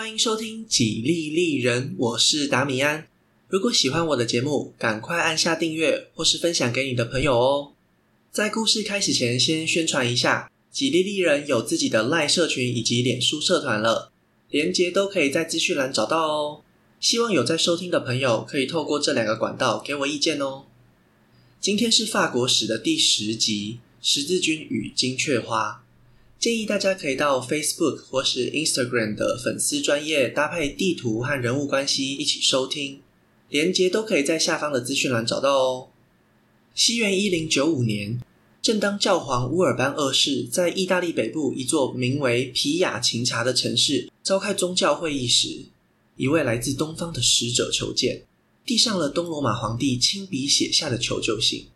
歡迎收聽《己粒粒人》，我是達米安。如果喜歡我的節目，趕快按下訂閱或是分享給你的朋友哦。在故事開始前，先宣傳一下，《幾粒粒人》有自己的 LINE 社群以及臉書社團了，連結都可以在資訊欄找到哦。希望有在收聽的朋友可以透過這兩個管道給我意見哦。今天是法國史的第十集，《十字軍與金雀花》。建議大家可以到 Facebook 或是 Instagram 的粉絲專頁，搭配地圖和人物關係一起收聽。連結都可以在下方的資訊欄找到哦。西元一零九五年，正當教皇烏爾班二世在意大利北部一座名為皮亞琴察的城市召開宗教會議時，一位來自東方的使者求見，遞上了東羅馬皇帝親筆寫下的求救信。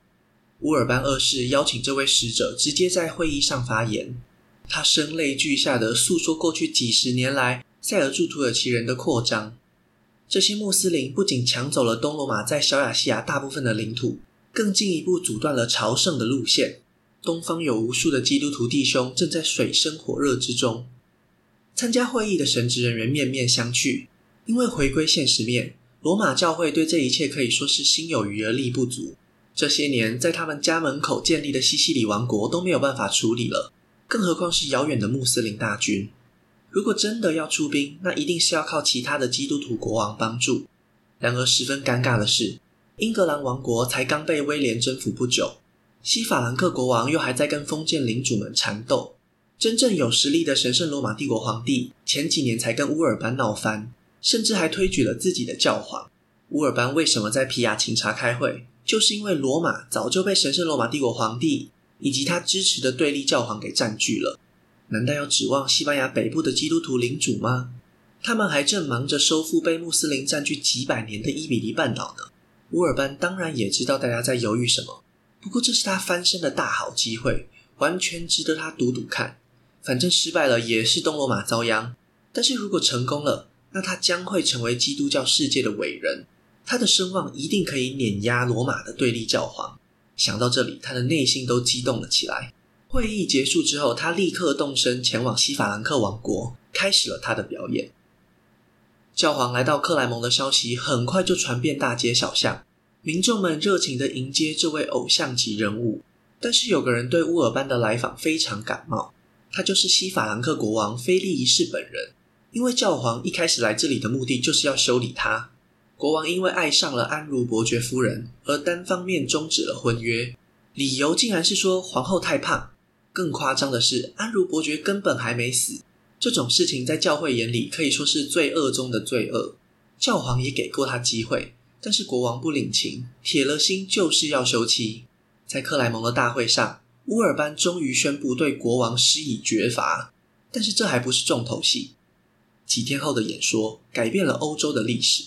烏爾班二世邀請這位使者直接在會議上發言。他聲淚俱下的訴說過去幾十年來塞爾柱土耳其人的擴張。這些穆斯林不僅搶走了東羅馬在小亞細亞大部分的領土，更進一步阻斷了朝聖的路線。東方有無數的基督徒弟兄正在水深火熱之中。參加會議的神職人員面面相覷，因為回歸現實面，羅馬教會對這一切可以說是心有餘而力不足。這些年在他們家門口建立的西西里王國都沒有辦法處理了。更何況是遙遠的穆斯林大軍，如果真的要出兵，那一定是要靠其他的基督徒國王幫助。然而十分尷尬的是，英格蘭王國才剛被威廉征服不久，西法蘭克國王又還在跟封建領主們纏鬥。真正有實力的神聖羅馬帝國皇帝，前幾年才跟烏爾班鬧翻，甚至還推舉了自己的教皇。烏爾班為什麼在皮亞琴察開會？就是因為羅馬早就被神聖羅馬帝國皇帝以及他支持的對立教皇給佔據了，難道要指望西班牙北部的基督徒領主嗎？他們還正忙着收復被穆斯林佔據幾百年的伊比利半島呢。烏爾班當然也知道大家在猶豫什麼，不過這是他翻身的大好機會，完全值得他賭賭看。反正失敗了也是東羅馬遭殃，但是如果成功了，那他將會成為基督教世界的偉人，他的聲望一定可以碾壓羅馬的對立教皇。想到這裡，他的內心都激動了起來。會議結束之後，他立刻動身前往西法蘭克王國，開始了他的表演。教皇來到克萊蒙的消息很快就傳遍大街小巷，民眾們熱情地迎接這位偶像級人物。但是有個人對烏爾班的來訪非常感冒，他就是西法蘭克國王菲利一世本人，因為教皇一開始來這裡的目的就是要修理他。國王因為愛上了安茹伯爵夫人而單方面終止了婚約，理由竟然是說皇后太胖。更誇張的是，安茹伯爵根本還沒死。這種事情在教會眼裡可以說是罪惡中的罪惡。教皇也給過他機會，但是國王不領情，鐵了心就是要休妻。在克萊蒙的大會上，烏爾班終於宣布對國王施以絕罰。但是這還不是重頭戲。幾天後的演說改變了歐洲的歷史。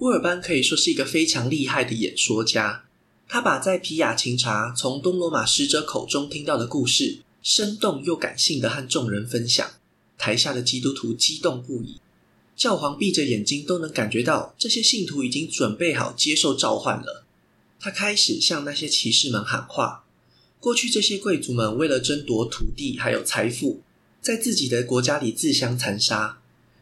烏爾班可以說是一個非常厲害的演說家，他把在皮亞琴察從東羅馬使者口中聽到的故事，生動又感性的和眾人分享。台下的基督徒激動不已，教皇閉着眼睛都能感覺到這些信徒已經準備好接受召喚了。他開始向那些騎士們喊話：過去這些貴族們為了爭奪土地還有財富，在自己的國家裡自相殘殺，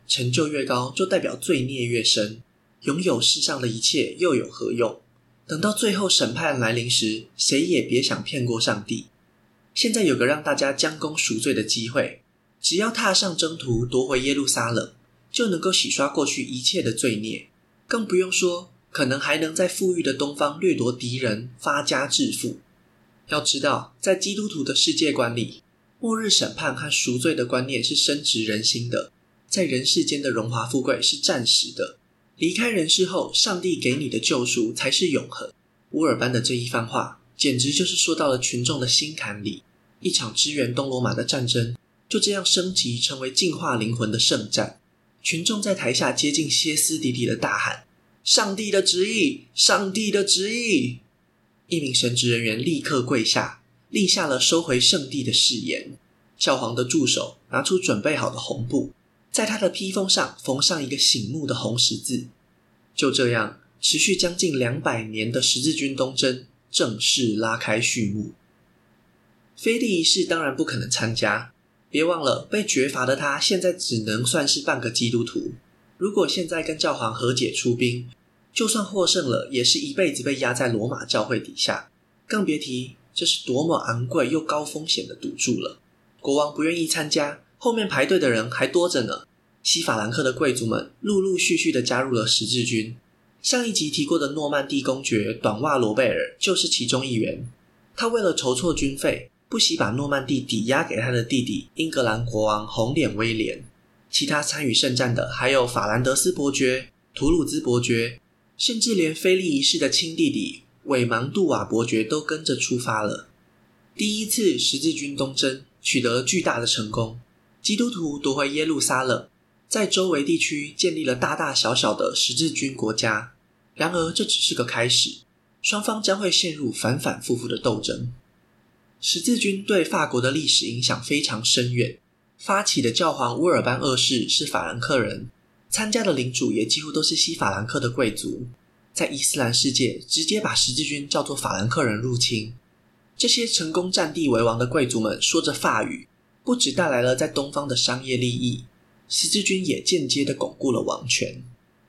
成就越高就代表罪孽越深。擁有世上的一切又有何用？等到最後審判來臨時，誰也別想騙過上帝。現在有個讓大家將功贖罪的機會，只要踏上征途奪回耶路撒冷，就能夠洗刷過去一切的罪孽。更不用說，可能還能在富裕的東方掠奪敵人，發家致富。要知道，在基督徒的世界觀裡，末日審判和贖罪的觀念是深植人心的，在人世間的榮華富貴是暫時的。離開人世後，上帝給你的救贖才是永恆。烏爾班的這一番話，簡直就是說到了群眾的心坎裡。一場支援東羅馬的戰爭，就這樣升級成為淨化靈魂的聖戰。群眾在台下接近歇斯底里的大喊：“上帝的旨意！上帝的旨意！”一名神職人員立刻跪下，立下了收回聖地的誓言。教皇的助手拿出準備好的紅布。在他的披風上縫上一個醒目的紅十字，就這樣，持續將近兩百年的十字軍東征正式拉開序幕。腓力一世當然不可能參加，別忘了被絕罰的他現在只能算是半個基督徒。如果現在跟教皇和解出兵，就算獲勝了，也是一輩子被壓在羅馬教會底下，更別提這是多麼昂貴又高風險的賭注了。國王不願意參加。後面排隊的人還多着呢。西法蘭克的貴族們陸陸續續地加入了十字軍。上一集提過的諾曼底公爵短襪羅貝爾就是其中一員。他為了籌措軍費，不惜把諾曼底抵押給他的弟弟英格蘭國王紅臉威廉。其他參與聖戰的還有法蘭德斯伯爵、圖魯茲伯爵，甚至連菲利一世的親弟弟韋芒杜瓦伯爵都跟着出發了。第一次十字軍東征取得了巨大的成功。基督徒奪回耶路撒冷，在周圍地區建立了大大小小的十字軍國家。然而，這只是個開始，雙方將會陷入反反复复的鬥爭。十字軍對法國的歷史影響非常深遠。發起的教皇烏爾班二世是法蘭克人，參加的領主也幾乎都是西法蘭克的貴族。在伊斯蘭世界，直接把十字軍叫做法蘭克人入侵。這些成功佔地為王的貴族們說着法語。不只帶來了在東方的商業利益，十字軍也間接的鞏固了王權。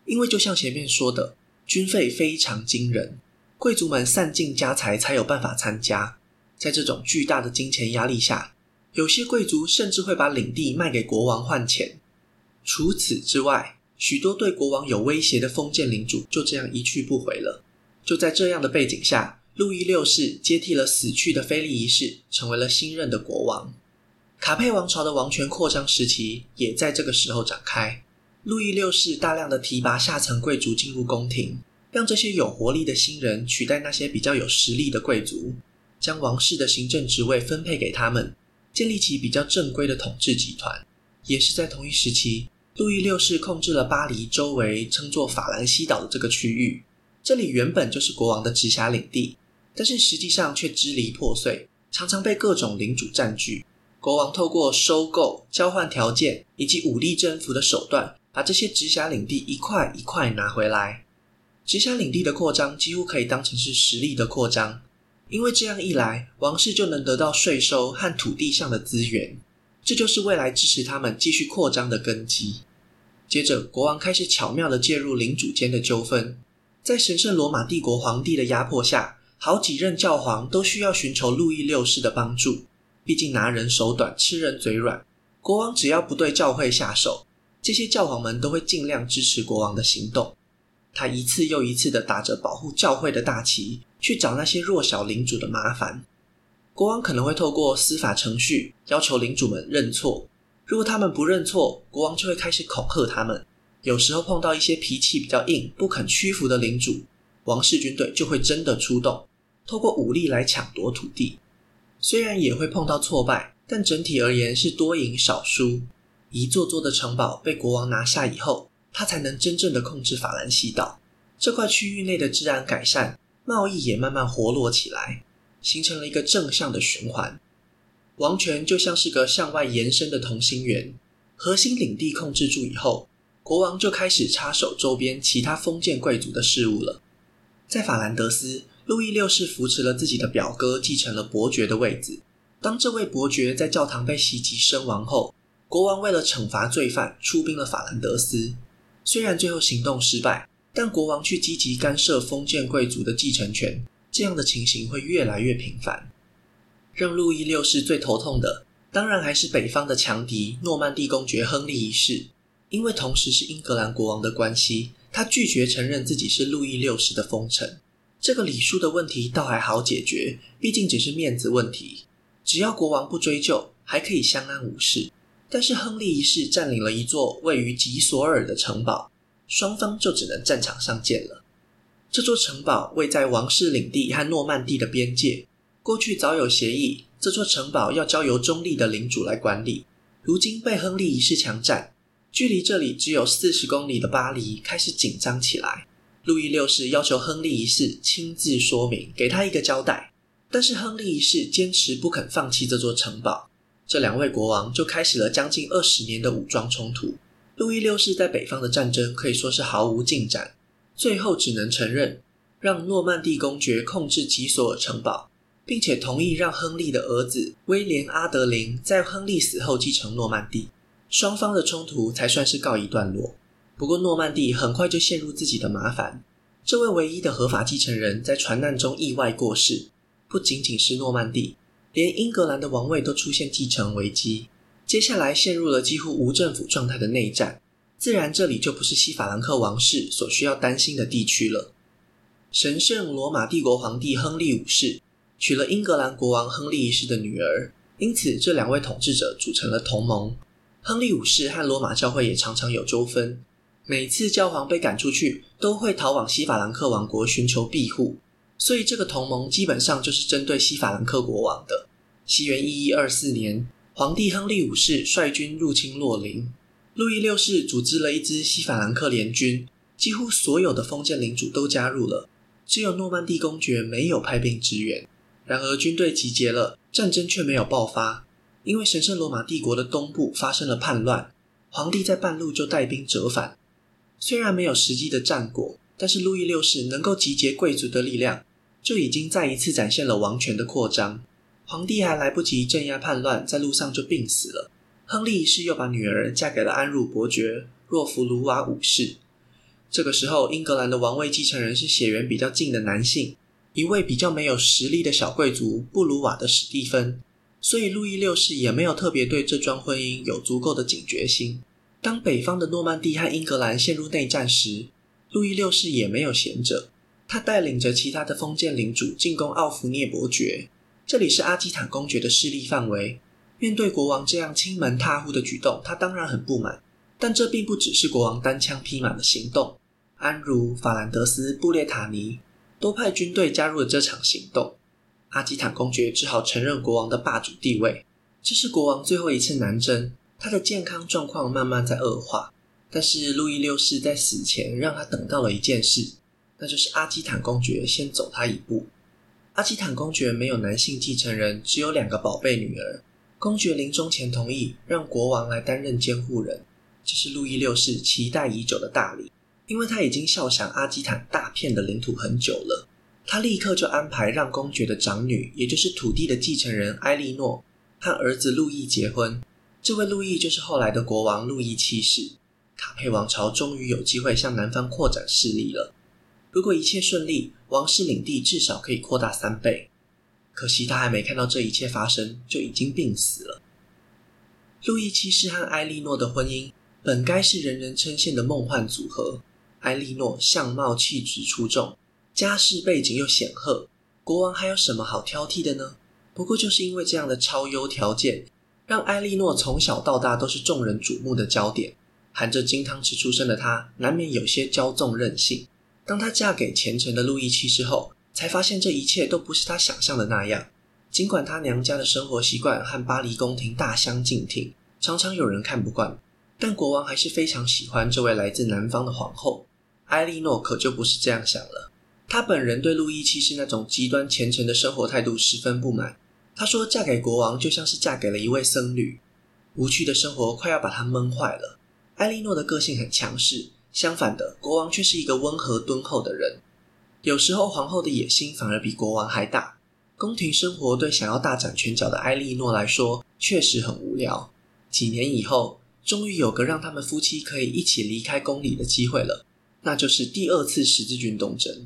因為就像前面說的，軍費非常驚人，貴族們散盡家財才有辦法參加。在這種巨大的金錢壓力下，有些貴族甚至會把領地賣給國王換錢。除此之外，許多對國王有威脅的封建領主就這樣一去不回了。就在這樣的背景下，路易六世接替了死去的腓力一世，成為了新任的國王。卡佩王朝的王權擴張時期也在這個時候展開。路易六世大量的提拔下層貴族進入宮廷，讓這些有活力的新人取代那些比較有實力的貴族，將王室的行政職位分配給他們，建立起比較正規的統治集團。也是在同一時期，路易六世控制了巴黎周圍稱作法蘭西島的這個區域。這裡原本就是國王的直轄領地，但是實際上卻支離破碎，常常被各種領主佔據。國王透過收購、交換條件以及武力征服的手段，把這些直轄領地一塊一塊拿回來。直轄領地的擴張幾乎可以當成是實力的擴張，因為這樣一來，王室就能得到稅收和土地上的資源，這就是未來支持他們繼續擴張的根基。接着，國王開始巧妙地介入領主間的糾紛。在神聖羅馬帝國皇帝的壓迫下，好幾任教皇都需要尋求路易六世的幫助。畢竟拿人手短，吃人嘴軟。國王只要不對教會下手，這些教皇們都會盡量支持國王的行動。他一次又一次地打着保護教會的大旗，去找那些弱小領主的麻煩。國王可能會透過司法程序要求領主們認錯，如果他們不認錯，國王就會開始恐嚇他們。有時候碰到一些脾氣比較硬、不肯屈服的領主，王室軍隊就會真的出動，透過武力來搶奪土地。雖然也會碰到挫敗，但整體而言是多贏少輸。一座座的城堡被國王拿下以後，他才能真正的控制法蘭西島。這塊區域內的治安改善，貿易也慢慢活絡起來，形成了一個正向的循環。王權就像是個向外延伸的同心圓，核心領地控制住以後，國王就開始插手周邊其他封建貴族的事務了。在法蘭德斯。路易六世扶持了自己的表哥，繼承了伯爵的位子。當這位伯爵在教堂被襲擊身亡後，國王為了懲罰罪犯，出兵了法蘭德斯。雖然最後行動失敗，但國王卻積極干涉封建貴族的繼承權。這樣的情形會越來越頻繁。讓路易六世最頭痛的，當然還是北方的強敵諾曼底公爵亨利一世，因為同時是英格蘭國王的關係，他拒絕承認自己是路易六世的封臣。這個禮數的問題倒還好解決，畢竟只是面子問題，只要國王不追究，還可以相安無事。但是亨利一世佔領了一座位於吉索爾的城堡，雙方就只能戰場上見了。這座城堡位在王室領地和諾曼第的邊界，過去早有協議，這座城堡要交由中立的領主來管理。如今被亨利一世強佔，距離這裡只有四十公里的巴黎開始緊張起來。路易六世要求亨利一世親自說明，給他一個交代。但是亨利一世堅持不肯放棄這座城堡，這兩位國王就開始了將近二十年的武裝衝突。路易六世在北方的戰爭可以說是毫無進展，最後只能承認讓諾曼底公爵控制吉索爾城堡，並且同意讓亨利的兒子威廉阿德林在亨利死後繼承諾曼底。雙方的衝突才算是告一段落。不過，諾曼第很快就陷入自己的麻煩。這位唯一的合法繼承人在船難中意外過世。不僅僅是諾曼第，連英格蘭的王位都出現繼承危機。接下來，陷入了幾乎無政府狀態的內戰。自然，這裡就不是西法蘭克王室所需要擔心的地區了。神聖羅馬帝國皇帝亨利五世娶了英格蘭國王亨利一世的女兒，因此這兩位統治者組成了同盟。亨利五世和羅馬教會也常常有糾紛。每次教皇被趕出去，都會逃往西法蘭克王國尋求庇護，所以這個同盟基本上就是針對西法蘭克國王的。西元一一二四年，皇帝亨利五世率軍入侵洛林，路易六世組織了一支西法蘭克聯軍，幾乎所有的封建領主都加入了，只有諾曼底公爵沒有派兵支援。然而，軍隊集結了，戰爭卻沒有爆發，因為神聖羅馬帝國的東部發生了叛亂，皇帝在半路就帶兵折返。雖然沒有實際的戰果，但是路易六世能夠集結貴族的力量，就已經再一次展現了王權的擴張。皇帝還來不及鎮壓叛亂，在路上就病死了。亨利一世又把女兒嫁給了安茹伯爵若弗魯瓦五世。這個時候，英格蘭的王位繼承人是血緣比較近的男性，一位比較沒有實力的小貴族布魯瓦的史蒂芬，所以路易六世也沒有特別對這樁婚姻有足夠的警覺心。當北方的諾曼底和英格蘭陷入內戰時，路易六世也沒有閒着，他帶領着其他的封建領主進攻奧弗涅伯爵，這裡是阿基坦公爵的勢力範圍。面對國王這樣親門踏戶的舉動，他當然很不滿。但這並不只是國王單槍匹馬的行動，安茹、法蘭德斯、布列塔尼都派軍隊加入了這場行動。阿基坦公爵只好承認國王的霸主地位。這是國王最後一次南征。他的健康狀況慢慢在惡化，但是路易六世在死前讓他等到了一件事，那就是阿基坦公爵先走他一步。阿基坦公爵沒有男性繼承人，只有兩個寶貝女兒。公爵臨終前同意讓國王來擔任監護人，這、就是路易六世期待已久的大禮，因為他已經肖想阿基坦大片的領土很久了。他立刻就安排讓公爵的長女，也就是土地的繼承人埃莉諾，和兒子路易結婚。這位路易就是後來的國王，路易七世，卡佩王朝終於有機會向南方擴展勢力了。如果一切順利，王室領地至少可以擴大三倍。可惜他還沒看到這一切發生，就已經病死了。路易七世和埃莉諾的婚姻本該是人人稱羨的夢幻組合。埃莉諾相貌氣質出眾，家世背景又顯赫，國王還有什麼好挑剔的呢？不過就是因為這樣的超優條件，讓艾莉諾從小到大都是眾人矚目的焦點，含着金湯匙出生的她，難免有些驕縱任性。當她嫁給虔誠的路易七世後，才發現這一切都不是她想象的那樣。儘管她娘家的生活習慣和巴黎宮廷大相徑庭，常常有人看不慣，但國王還是非常喜歡這位來自南方的皇後。艾莉諾可就不是這樣想了，她本人對路易七世那種極端虔誠的生活態度十分不滿。她說：“嫁給國王就像是嫁給了一位僧侶，無趣的生活快要把她悶壞了。”艾莉諾的個性很強勢，相反的，國王卻是一個溫和敦厚的人。有時候，皇後的野心反而比國王還大。宮廷生活對想要大展拳腳的艾莉諾來說確實很無聊。幾年以後，終於有個讓他們夫妻可以一起離開宮裡的機會了，那就是第二次十字軍東征。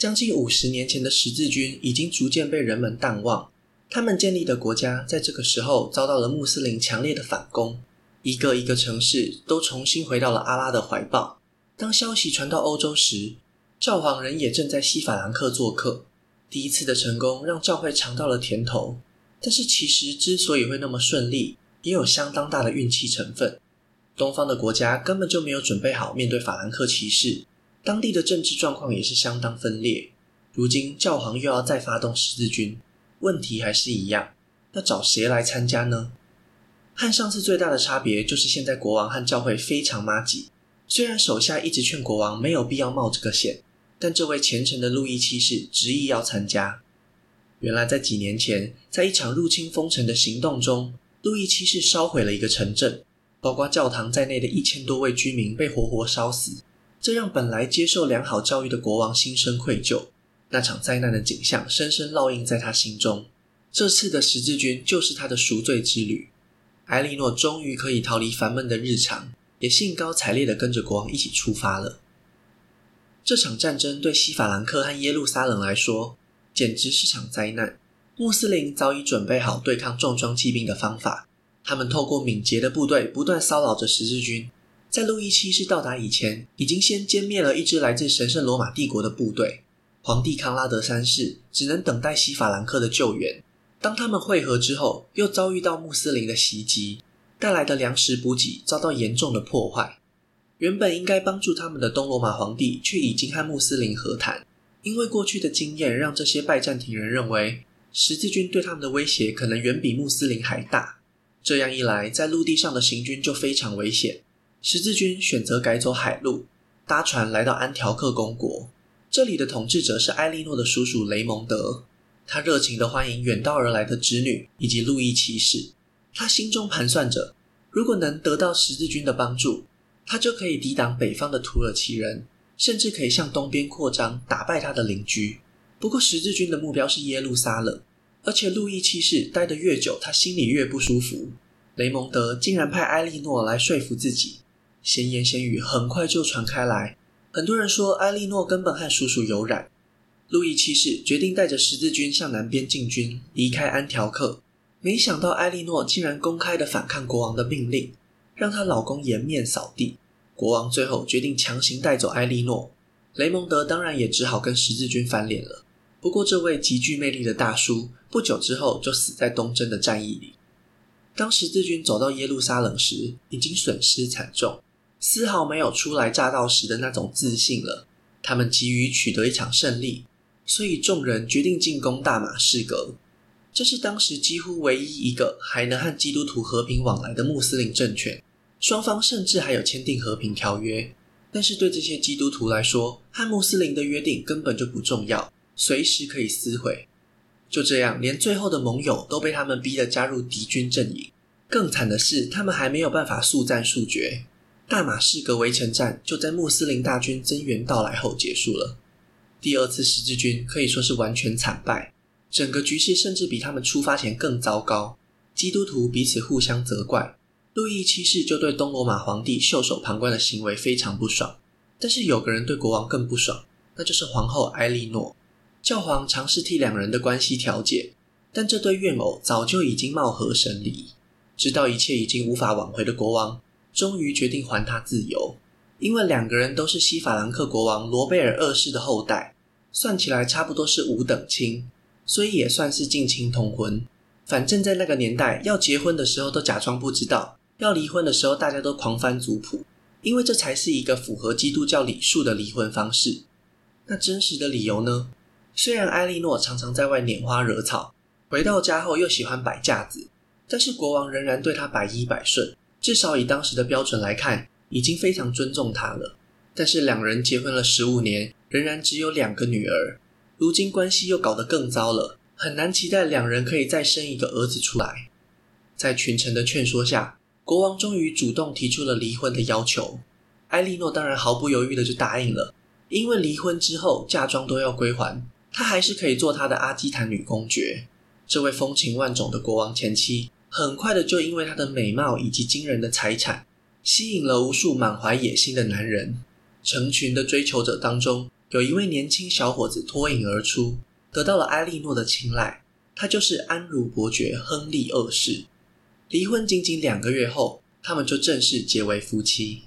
將近五十年前的十字軍已經逐漸被人們淡忘，他們建立的國家在這個時候遭到了穆斯林強烈的反攻，一個一個城市都重新回到了阿拉的懷抱。當消息傳到歐洲時，教皇人也正在西法蘭克做客。第一次的成功讓教會嘗到了甜頭，但是其實之所以會那麼順利，也有相當大的運氣成分。東方的國家根本就沒有準備好面對法蘭克騎士。當地的政治狀況也是相當分裂。如今教皇又要再發動十字軍，問題還是一樣，那找誰來參加呢？和上次最大的差別就是，現在國王和教會非常麻吉，雖然手下一直勸國王沒有必要冒這個險，但這位虔誠的路易七世執意要參加。原來在幾年前，在一場入侵封城的行動中，路易七世燒毀了一個城鎮，包括教堂在內的一千多位居民被活活燒死。這讓本來接受良好教育的國王心生愧疚，那場災難的景象深深烙印在他心中。這次的十字軍就是他的贖罪之旅。埃莉諾終於可以逃離煩悶的日常，也興高采烈地跟着國王一起出發了。這場戰爭對西法蘭克和耶路撒冷來說簡直是場災難。穆斯林早已準備好對抗重裝騎兵的方法，他們透過敏捷的部隊不斷騷擾着十字軍。在路易七世到達以前，已經先殲滅了一支來自神聖羅馬帝國的部隊。皇帝康拉德三世只能等待西法蘭克的救援。當他們會合之後，又遭遇到穆斯林的襲擊，帶來的糧食補給遭到嚴重的破壞。原本應該幫助他們的東羅馬皇帝，卻已經和穆斯林和談。因為過去的經驗，讓這些拜占庭人認為十字軍對他們的威脅可能遠比穆斯林還大。這樣一來，在陸地上的行軍就非常危險。十字軍選擇改走海路，搭船來到安條克公國。這裡的統治者是艾莉諾的叔叔雷蒙德，他熱情地歡迎遠道而來的侄女以及路易七世。他心中盤算着，如果能得到十字軍的幫助，他就可以抵擋北方的土耳其人，甚至可以向東邊擴張，打敗他的鄰居。不過，十字軍的目標是耶路撒冷，而且路易七世待得越久，他心裡越不舒服。雷蒙德竟然派艾莉諾來說服自己。閒言閒語很快就傳開來，很多人說埃莉諾根本和叔叔有染。路易七世決定帶着十字軍向南邊進軍，離開安條克。沒想到埃莉諾竟然公開的反抗國王的命令，讓她老公顏面掃地。國王最後決定強行帶走埃莉諾，雷蒙德當然也只好跟十字軍翻臉了。不過這位極具魅力的大叔不久之後就死在東征的戰役裡。當十字軍走到耶路撒冷時，已經損失慘重。絲毫沒有初來乍到時的那種自信了。他們急於取得一場勝利，所以眾人決定進攻大馬士革。這是當時幾乎唯一一個還能和基督徒和平往來的穆斯林政權，雙方甚至還有簽訂和平條約。但是對這些基督徒來說，和穆斯林的約定根本就不重要，隨時可以撕毀。就這樣，連最後的盟友都被他們逼得加入敵軍陣營。更慘的是，他們還沒有辦法速戰速決。大馬士革圍城戰就在穆斯林大軍增援到來後結束了。第二次十字軍可以說是完全慘敗，整個局勢甚至比他們出發前更糟糕。基督徒彼此互相責怪，路易七世就對東羅馬皇帝袖手旁觀的行為非常不爽。但是有個人對國王更不爽，那就是皇后埃莉諾。教皇嘗試替兩人的關係調解，但這對怨偶早就已經貌合神離。直到一切已經無法挽回的國王。終於決定還他自由，因為兩個人都是西法蘭克國王羅貝爾二世的後代，算起來差不多是五等親，所以也算是近親通婚。反正，在那個年代，要結婚的時候都假裝不知道，要離婚的時候大家都狂翻族譜，因為這才是一個符合基督教禮數的離婚方式。那真實的理由呢？雖然埃莉諾常常在外拈花惹草，回到家後又喜歡擺架子，但是國王仍然對她百依百順。至少以當時的標準來看，已經非常尊重他了。但是兩人結婚了十五年，仍然只有兩個女兒，如今關係又搞得更糟了，很難期待兩人可以再生一個兒子出來。在群臣的勸說下，國王終於主動提出了離婚的要求。埃莉諾當然毫不猶豫地就答應了，因為離婚之後嫁妝都要歸還，她還是可以做她的阿基坦女公爵，這位風情萬種的國王前妻。很快的，就因為她的美貌以及驚人的財產，吸引了無數滿懷野心的男人。成群的追求者當中，有一位年輕小伙子脫穎而出，得到了埃莉諾的青睞。他就是安茹伯爵亨利二世。離婚僅僅兩個月後，他們就正式結為夫妻。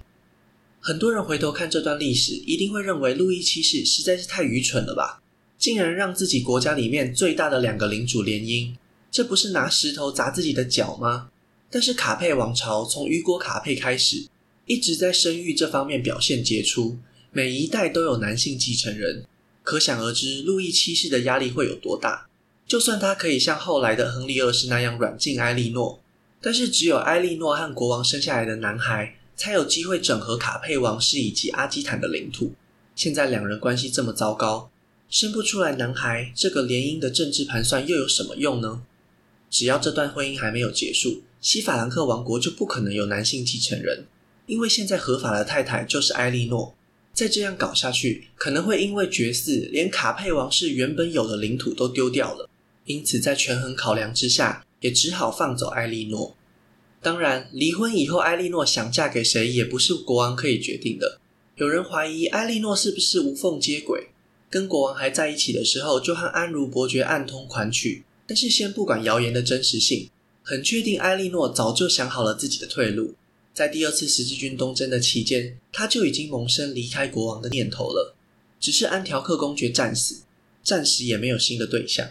很多人回頭看這段歷史，一定會認為路易七世實在是太愚蠢了吧，竟然讓自己國家裡面最大的兩個領主聯姻。這不是拿石頭砸自己的腳嗎？但是卡佩王朝從雨果卡佩開始，一直在生育這方面表現傑出，每一代都有男性繼承人。可想而知，路易七世的壓力會有多大。就算他可以像後來的亨利二世那樣軟禁埃莉諾，但是只有埃莉諾和國王生下來的男孩，才有機會整合卡佩王室以及阿基坦的領土。現在兩人關係這麼糟糕，生不出來男孩，這個聯姻的政治盤算又有什麼用呢？只要這段婚姻還沒有結束，西法蘭克王國就不可能有男性繼承人，因為現在合法的太太就是埃莉諾。再這樣搞下去，可能會因為絕嗣連卡佩王室原本有的領土都丟掉了。因此，在權衡考量之下，也只好放走埃莉諾。當然，離婚以後，埃莉諾想嫁給誰也不是國王可以決定的。有人懷疑埃莉諾是不是無縫接軌，跟國王還在一起的時候就和安茹伯爵暗通款曲。是先不管謠言的真實性，很確定埃莉諾早就想好了自己的退路。在第二次十字軍東征的期間，他就已經萌生離開國王的念頭了。只是安條克公爵戰死，暫時也沒有新的對象。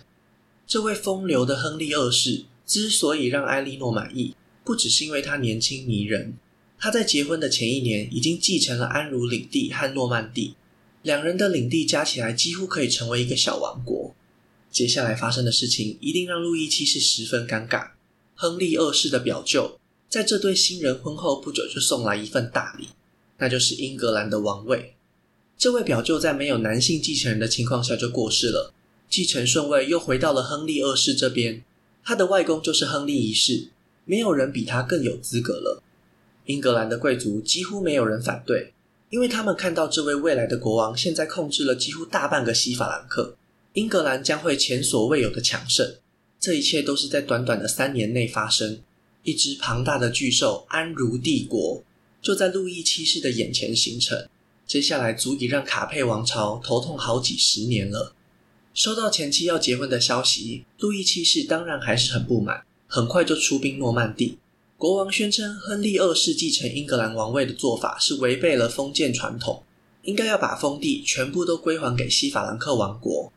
這位風流的亨利二世之所以讓埃莉諾滿意，不只是因為他年輕迷人，他在結婚的前一年已經繼承了安茹領地和諾曼第，兩人的領地加起來幾乎可以成為一個小王國。接下來發生的事情一定讓路易七世十分尷尬。亨利二世的表舅在這對新人婚後不久就送來一份大禮，那就是英格蘭的王位。這位表舅在沒有男性繼承人的情況下就過世了，繼承順位又回到了亨利二世這邊。他的外公就是亨利一世，沒有人比他更有資格了。英格蘭的貴族幾乎沒有人反對，因為他們看到這位未來的國王現在控制了幾乎大半個西法蘭克。英格蘭將會前所未有的強盛，這一切都是在短短的三年內發生。一隻龐大的巨獸安茹帝國就在路易七世的眼前形成，接下來足以讓卡佩王朝頭痛好幾十年了。收到前妻要結婚的消息，路易七世當然還是很不滿，很快就出兵諾曼第。國王宣稱，亨利二世繼承英格蘭王位的做法是違背了封建傳統，應該要把封地全部都歸還給西法蘭克王國。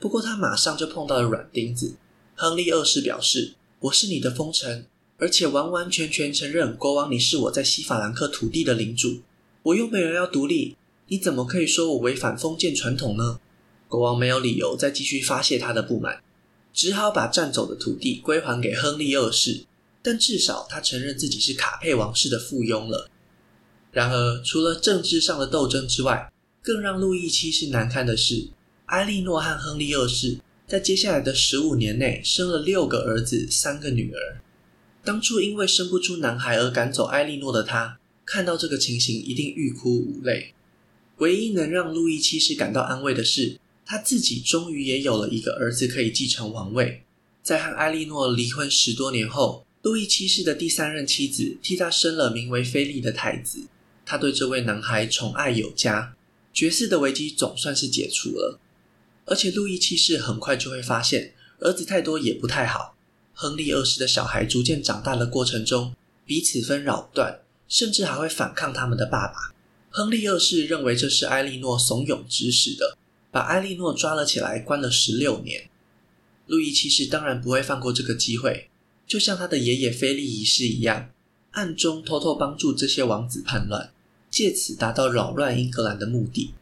不過他馬上就碰到了軟釘子。亨利二世表示：“我是你的封臣，而且完完全全承認國王你是我在西法蘭克土地的領主。我又沒人要獨立，你怎麼可以說我違反封建傳統呢？”國王沒有理由再繼續發洩他的不滿，只好把佔走的土地歸還給亨利二世。但至少他承認自己是卡佩王室的附庸了。然而，除了政治上的鬥爭之外，更讓路易七世難堪的是。埃莉諾和亨利二世在接下來的十五年內生了六個兒子，三個女兒。當初因為生不出男孩而趕走埃莉諾的他，看到這個情形一定欲哭無淚。唯一能讓路易七世感到安慰的是，他自己終於也有了一個兒子可以繼承王位。在和埃莉諾離婚十多年後，路易七世的第三任妻子替他生了名為菲利的太子，他對這位男孩寵愛有加。絕嗣的危機總算是解除了。而且，路易七世很快就會發現，兒子太多也不太好。亨利二世的小孩逐漸長大的過程中，彼此紛擾不斷，甚至還會反抗他們的爸爸。亨利二世認為這是埃莉諾慫恿指使的，把埃莉諾抓了起來，關了十六年。路易七世當然不會放過這個機會，就像他的爺爺菲利一世一樣，暗中偷偷幫助這些王子叛亂，借此達到擾亂英格蘭的目的。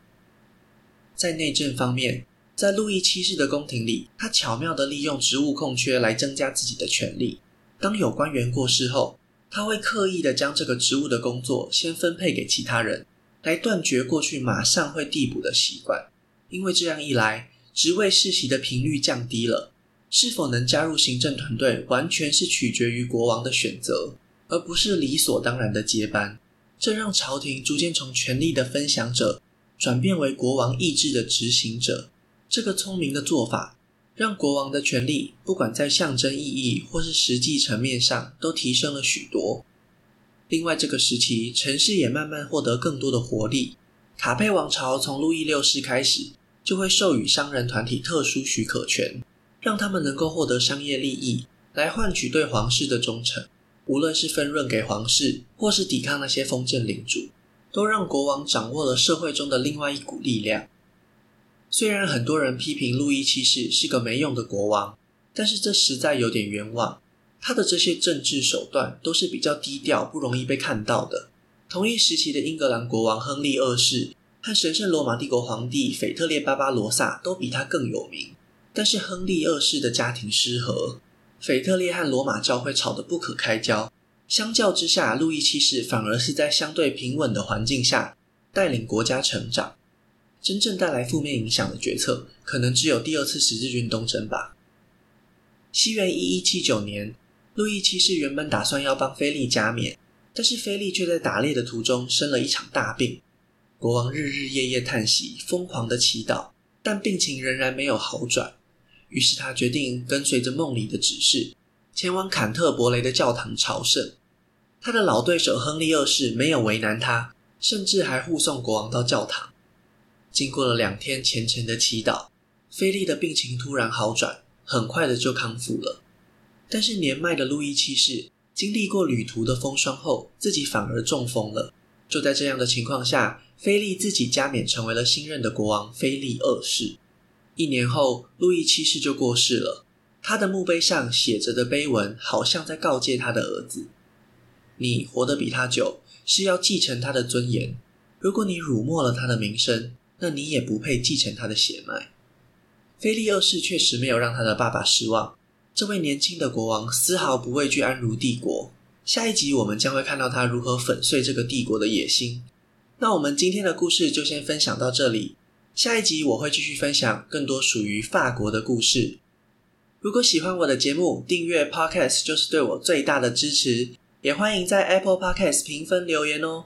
在內政方面。在路易七世的宮廷裡，他巧妙地利用職務空缺來增加自己的權力。當有官員過世後，他會刻意地將這個職務的工作先分配給其他人，來斷絕過去馬上會遞補的習慣。因為這樣一來，職位世襲的頻率降低了。是否能加入行政團隊，完全是取決於國王的選擇，而不是理所當然的接班。這讓朝廷逐漸從權力的分享者，轉變為國王意志的執行者。這個聰明的做法，讓國王的權力，不管在象徵意義或是實際層面上，都提升了許多。另外，這個時期城市也慢慢獲得更多的活力。卡佩王朝從路易六世開始，就會授予商人團體特殊許可權，讓他們能夠獲得商業利益，來換取對皇室的忠誠。無論是分潤給皇室，或是抵抗那些封建領主，都讓國王掌握了社會中的另外一股力量。雖然很多人批評路易七世是個沒用的國王，但是這實在有點冤枉。他的這些政治手段都是比較低調，不容易被看到的。同一時期的英格蘭國王亨利二世和神聖羅馬帝國皇帝腓特烈巴巴羅薩都比他更有名。但是亨利二世的家庭失和，腓特烈和羅馬教會吵得不可開交。相較之下，路易七世反而是在相對平穩的環境下帶領國家成長。真正帶來負面影響的決策，可能只有第二次十字軍東征吧。西元一一七九年，路易七世原本打算要幫菲利加冕，但是菲利卻在打獵的途中生了一場大病。國王日日夜夜嘆息，瘋狂地祈禱，但病情仍然沒有好轉。於是他決定跟隨着夢裡的指示，前往坎特伯雷的教堂朝聖。他的老對手亨利二世沒有為難他，甚至還護送國王到教堂。經過了兩天虔誠的祈禱，菲利的病情突然好轉，很快的就康復了。但是年邁的路易七世經歷過旅途的風霜後，自己反而中風了。就在這樣的情況下，菲利自己加冕成為了新任的國王菲利二世。一年後，路易七世就過世了。他的墓碑上寫着的碑文好像在告誡他的兒子：“你活得比他久，是要繼承他的尊嚴；如果你辱沒了他的名聲。”那你也不配繼承他的血脈。菲利二世確實沒有讓他的爸爸失望，這位年輕的國王絲毫不畏懼安茹帝國。下一集我們將會看到他如何粉碎這個帝國的野心。那我們今天的故事就先分享到這裡，下一集我會繼續分享更多屬於法國的故事。如果喜歡我的節目，訂閱 Podcast 就是對我最大的支持，也歡迎在 Apple Podcast 評分留言哦。